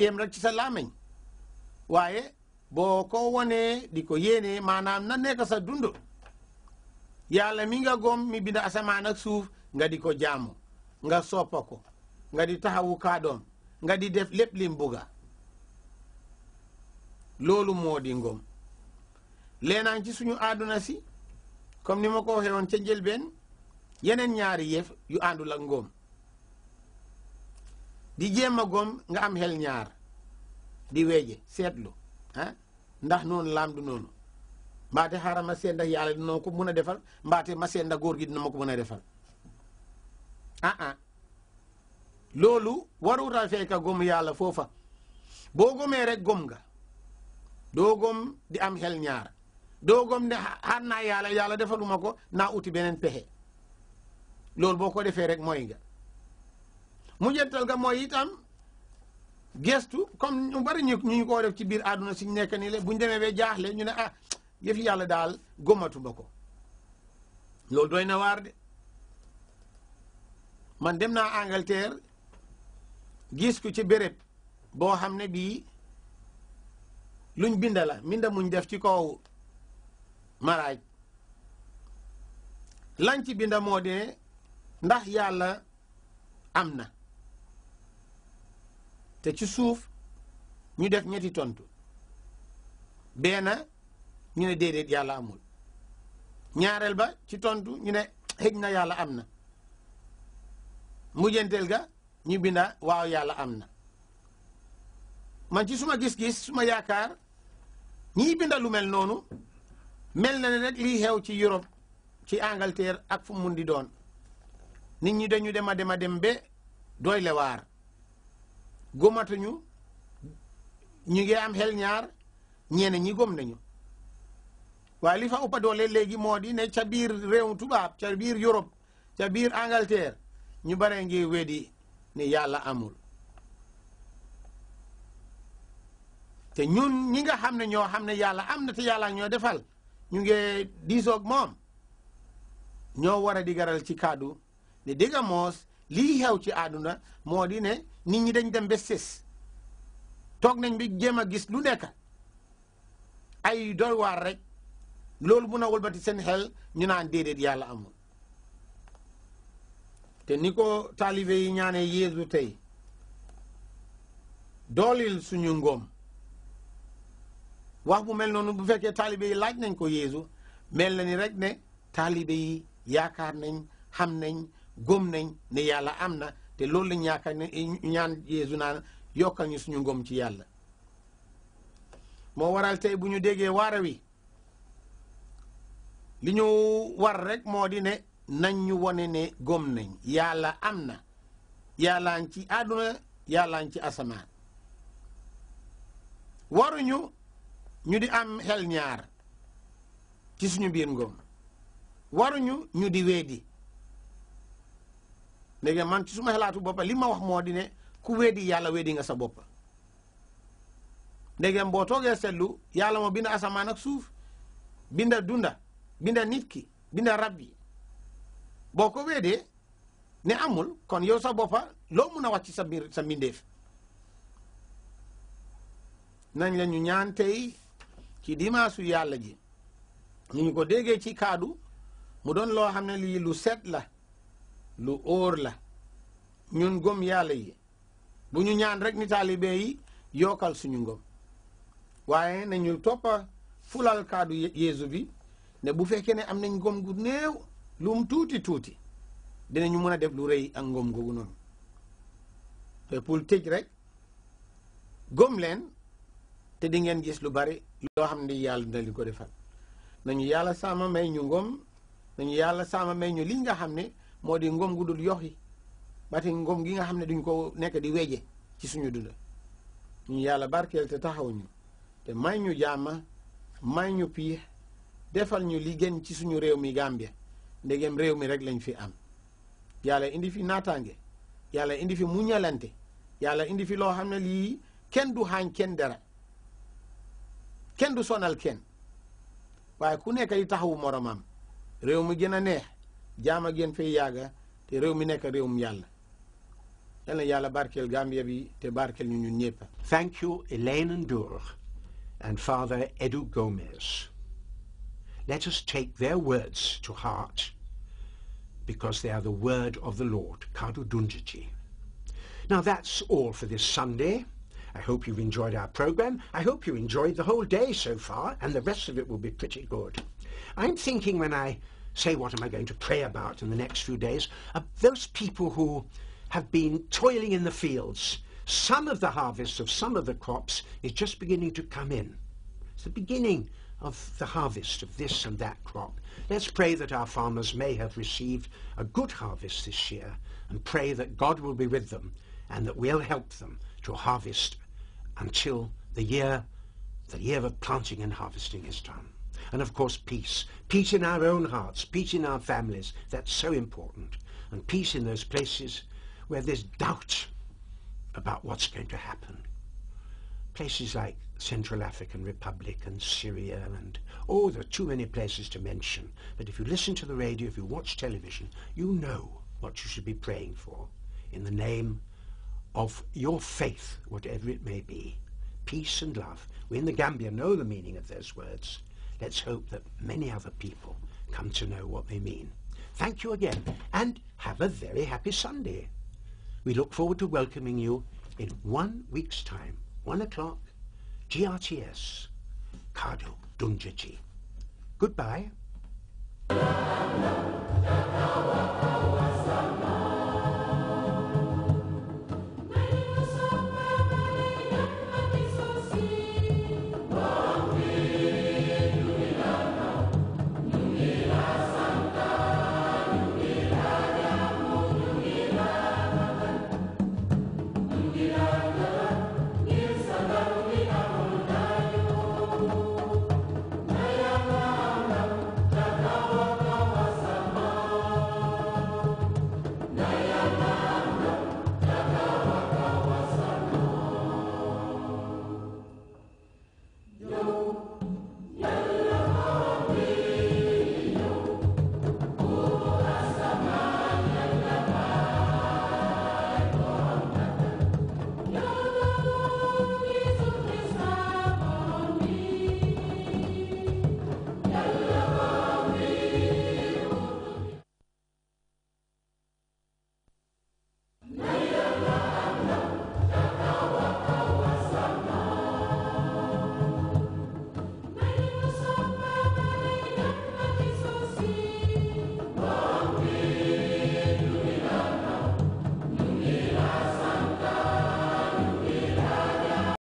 yem rek ci sa làmmiñ waaye boo ko wonee di ko yéenee maanaam na nekk sa dund yàlla mi nga gom asamaan ak suuf nga di ko jaamu nga soppa ko nga di taxawu kaadoom nga di def lépp lim loolu moo di ngom leenaan ci suñu àdduna si comme ni ma ko waxee ca njëlbeen yeneen ñaari yëf yu àndul ak ngóom di jéem a góom nga am xel ñaar di weeje seetlu ah ndax noonu laam du noonu mbaate xaaral ma seet ndax yàlla dina ko mun a defal mbaate ma seet ndax góor gi dina ma ko mën a defal ah ah loolu warut a fekk góom yàlla foofa boo góomee rek góom nga doo góom di am xel ñaar doo góom ne xaar naa yàlla yàlla defaluma ko naa uti beneen pexe loolu boo ko defee rek mooy nga. mujjantal ga mooy itam gestu comme ñu bari ñu ñu ko def ci biir àdduna si ñu nekk nii bu ñu demee ba jaaxle ñu ne ah yëfi yàlla daal gommatuma ko loolu doy na waar de man dem naa Angleterre gis ko ci béréb boo xam ne bii luñ binda la binda muñ def ci kaw maraaj lañ ci binda moo dee ndax yàlla am na te ci suuf ñu def ñetti tontu benn ñu ne déedéet yàlla amul ñaareel ba ci tontu ñu ne xëj na yàlla am na mujjanteel ga ñu binda waaw yàlla am na man ci suma gis-gis suma yaakaar ñiy binda lu mel noonu mel na ne ci Europe ci Angleterre ak fu di doon nit ñi dañu dem a dem a dem ba doy gomatuñu ñu ngi am xel ñaar ñeneen ñi gom nañu waaye li fa ëpp doole léegi moo di ne ca biir réew tubaab ca biir Europe ca biir Angleterre ñu bare ngi weddi ne yàlla amul te ñun ñi nga xam ne ñoo xam ne yàlla am na te yàlla ñoo defal ñu ngi diisoog moom ñoo war a garal ci kàddu ne dégg moos lii xew ci àdduna moo di ne nit ñi dañ dem ba toog nañ bi jéem a gis lu nekk ay doy waar rek loolu bu a wëlbati seen xel ñu naan déedéet yàlla amul te ni ko taalibe yi ñaane yéesu tey doolil suñu ngoom wax bu mel noonu bu fekkee taalibe yi laaj nañ ko yéesu mel na ni rek ne taalibe yi yaakaar nañ xam nañ góom nañ ne yàlla am na te loolu lañ yaakaar ñaan Yeesu naan yokkal ñu suñu ngóom ci yàlla moo waral tey bu ñu déggee wara wi li ñu war rek moo di ne nañ ñu wone ne góom nañ yàlla am na yàllaan ci àdduna yàllaan ci asamaan waruñu ñu di am xel ñaar ci suñu biir waruñu ñu di weedi léegi man ci suma xalaatu boppa li ma wax moo di ne ku weddi yàlla weddi nga sa bopp léegi boo toogee seetlu yàlla moo binda asamaan ak suuf binda dunda binda nit ki binda rab yi boo ko weedee ne amul kon yow sa boppa loo mun a wàcc sa mbir sa mbindeef nañ la ñu ñaan tey ci dimaasu yàlla ji ni ñu ko déggee ci kaadu mu doon loo xam ne lii lu set la lu óor la ñun goom yàlla yi bu ñu ñaan rek ni taalibe yi yokkal suñu ngëm waaye ñu toppa fulal kaddu yeesu bi ne bu fekkee ne am nañ ngëm gu néew lu mu tuuti tuuti dinañu mën a def lu rëy ak ngëm googu noonu te pour tëj rek gëm leen te di ngeen gis lu bari loo xam ne yàlla dina leen ko defal nañu yàlla sama may ñu ngëm nañu yàlla sama may ñu li nga xam ne moo di ngoom gu dul yox yi bati ngom gi nga xam ne duñ ko nekk di weje ci suñu dund ñu yàlla barkeel te taxaw te may ñu jàmma may ñu piix defal ñu li gën ci suñu réew mi Gambia ndegem réew mi rek lañ fi am yàlla indi fi naataange yàlla indi fi muñalante yàlla indi fi loo xam ne lii kenn du xaañ kenn dara kenn du sonal kenn waaye ku nekk di taxawu moromam réew mi gën a neex jaam ak yéen fay yàgga te réew mi nekk réewum yàlla yal na yàlla barkeel Gambia bi te barkeel ñu ñun ñëpp. Thank you Elaine Ndour and Father Edu Gomez. Let us take their words to heart because they are the word of the Lord, Kadu Dunjiji. Now that's all for this Sunday. I hope you've enjoyed our program. I hope you enjoyed the whole day so far, and the rest of it will be pretty good. I'm thinking when I say what am I going to pray about in the next few days, are uh, those people who have been toiling in the fields. Some of the harvests of some of the crops is just beginning to come in. the beginning of the harvest of this and that crop. Let's pray that our farmers may have received a good harvest this year and pray that God will be with them and that we'll help them to harvest until the year of planting and harvesting is done. And of course, peace. Peace in our own hearts, peace in our families. That's so important. And peace in those places where there's doubt about what's going to happen. Places like Central African Republic and Syria and, oh, there are too many places to mention. But if you listen to the radio, if you watch television, you know what you should be praying for in the name of your faith, whatever it may be. Peace and love. We in the Gambia know the meaning of those Let's hope that many other people come to know what they mean. Thank you again and have a very happy Sunday. We look forward to welcoming you in one week's time, 1 o'clock, GRTS, Kado Dunjaji. Goodbye.